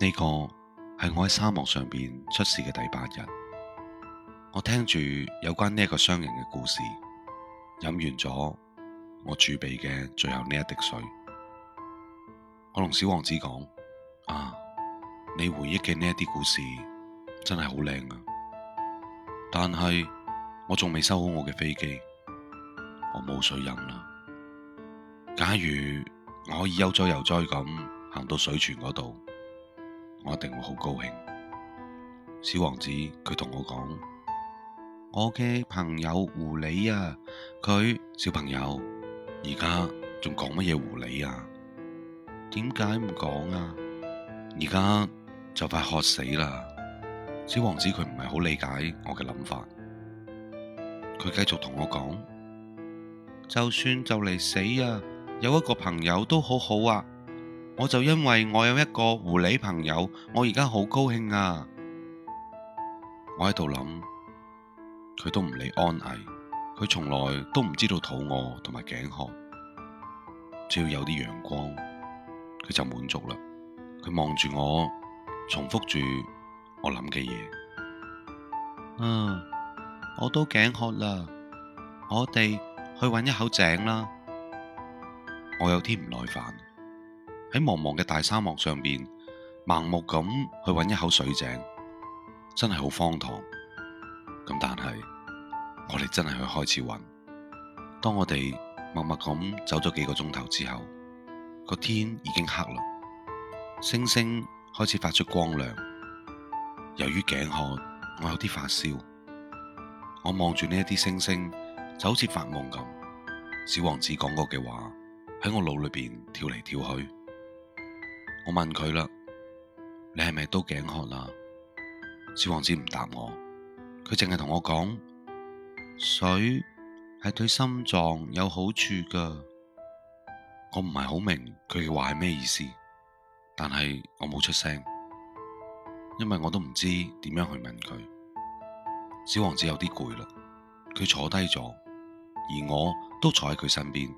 呢、這個係我喺沙漠上邊出事嘅第八日，我聽住有關呢一個商人嘅故事，飲完咗我儲備嘅最後呢一滴水，我同小王子講：啊，你回憶嘅呢一啲故事真係好靚啊！但係我仲未修好我嘅飛機，我冇水飲啦。假如我可以悠哉悠哉咁行到水泉嗰度。我一定會好高興，小王子佢同我講：我嘅朋友狐狸啊，佢小朋友而家仲講乜嘢狐狸啊？點解唔講啊？而家就快渴死啦！小王子佢唔係好理解我嘅諗法，佢繼續同我講：就算就嚟死啊，有一個朋友都好好啊。我就因為我有一個狐狸朋友，我而家好高興啊！我喺度諗，佢都唔理安危，佢從來都唔知道肚餓同埋頸渴，只要有啲陽光，佢就滿足啦。佢望住我，重複住我諗嘅嘢。嗯、啊，我都頸渴啦，我哋去搵一口井啦。我有啲唔耐煩。喺茫茫嘅大沙漠上邊，盲目咁去揾一口水井，真係好荒唐。咁但係我哋真係去開始揾。當我哋默默咁走咗幾個鐘頭之後，個天已經黑啦，星星開始發出光亮。由於頸渴，我有啲發燒。我望住呢一啲星星，就好似發夢咁。小王子講過嘅話喺我腦裏邊跳嚟跳去。我問佢啦，你係咪都頸渴啦？小王子唔答我，佢淨係同我講，水係對心臟有好處噶。我唔係好明佢嘅話係咩意思，但係我冇出聲，因為我都唔知點樣去問佢。小王子有啲攰啦，佢坐低咗，而我都坐喺佢身邊。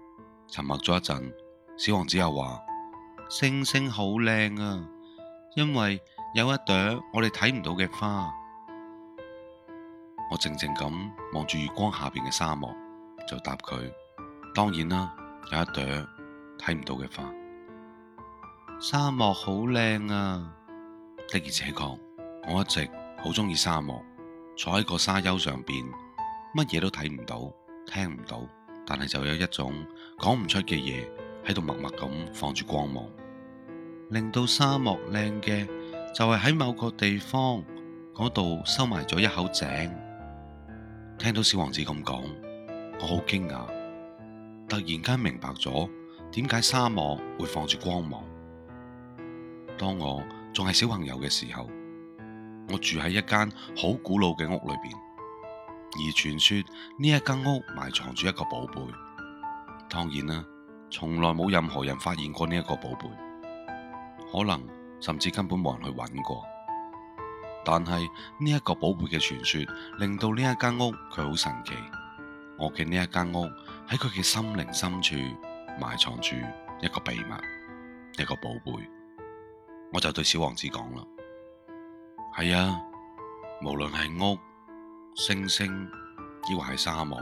沉默咗一陣，小王子又話。星星好靚啊，因為有一朵我哋睇唔到嘅花。我靜靜咁望住月光下邊嘅沙漠，就答佢，當然啦，有一朵睇唔到嘅花。沙漠好靚啊，的而且確，我一直好鍾意沙漠。坐喺個沙丘上邊，乜嘢都睇唔到，聽唔到，但係就有一種講唔出嘅嘢。喺度默默咁放住光芒，令到沙漠靚嘅就係喺某個地方嗰度收埋咗一口井。聽到小王子咁講，我好驚訝，突然間明白咗點解沙漠會放住光芒。當我仲係小朋友嘅時候，我住喺一間好古老嘅屋裏邊，而傳說呢一間屋埋藏住一個寶貝。當然啦。從來冇任何人發現過呢一個寶貝，可能甚至根本冇人去揾過。但係呢一個寶貝嘅傳說，令到呢一間屋佢好神奇。我見呢一間屋喺佢嘅心靈深處埋藏住一個秘密，一個寶貝。我就對小王子講啦，係啊，無論係屋、星星，亦或係沙漠，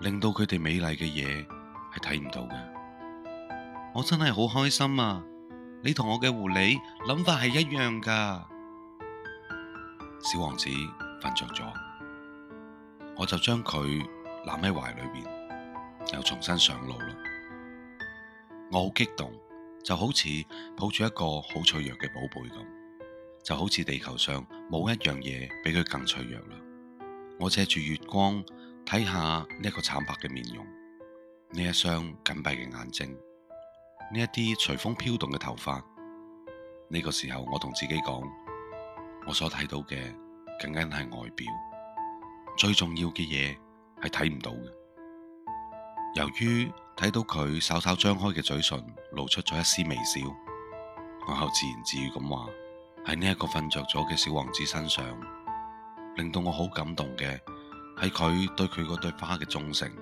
令到佢哋美麗嘅嘢，係睇唔到嘅，我真係好開心啊！你同我嘅狐狸諗法係一樣噶。小王子瞓着咗，我就將佢攬喺懷裏面，又重新上路啦。我好激動，就好似抱住一個好脆弱嘅寶貝咁，就好似地球上冇一樣嘢比佢更脆弱啦。我借住月光睇下呢個慘白嘅面容。呢一雙緊閉嘅眼睛，呢一啲隨風飄動嘅頭髮，呢、呢個時候我同自己講，我所睇到嘅僅僅係外表，最重要嘅嘢係睇唔到嘅。由於睇到佢稍稍張開嘅嘴唇，露出咗一絲微笑，我後自言自語咁話：喺呢一個瞓着咗嘅小王子身上，令到我好感動嘅係佢對佢嗰對花嘅忠誠。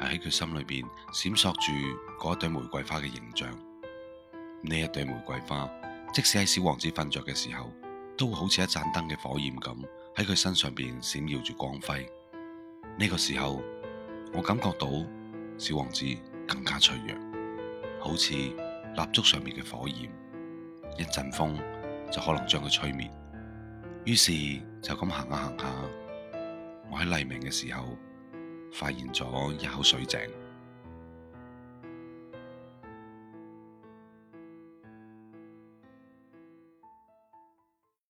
係喺佢心裏邊閃爍住嗰一朵玫瑰花嘅形象。呢一朵玫瑰花，即使喺小王子瞓着嘅時候，都會好似一盞燈嘅火焰咁，喺佢身上邊閃耀住光輝。呢個時候，我感覺到小王子更加脆弱，好似蠟燭上面嘅火焰，一陣風就可能將佢吹滅。於是就咁行下行下，我喺黎明嘅時候。發現咗一口水井。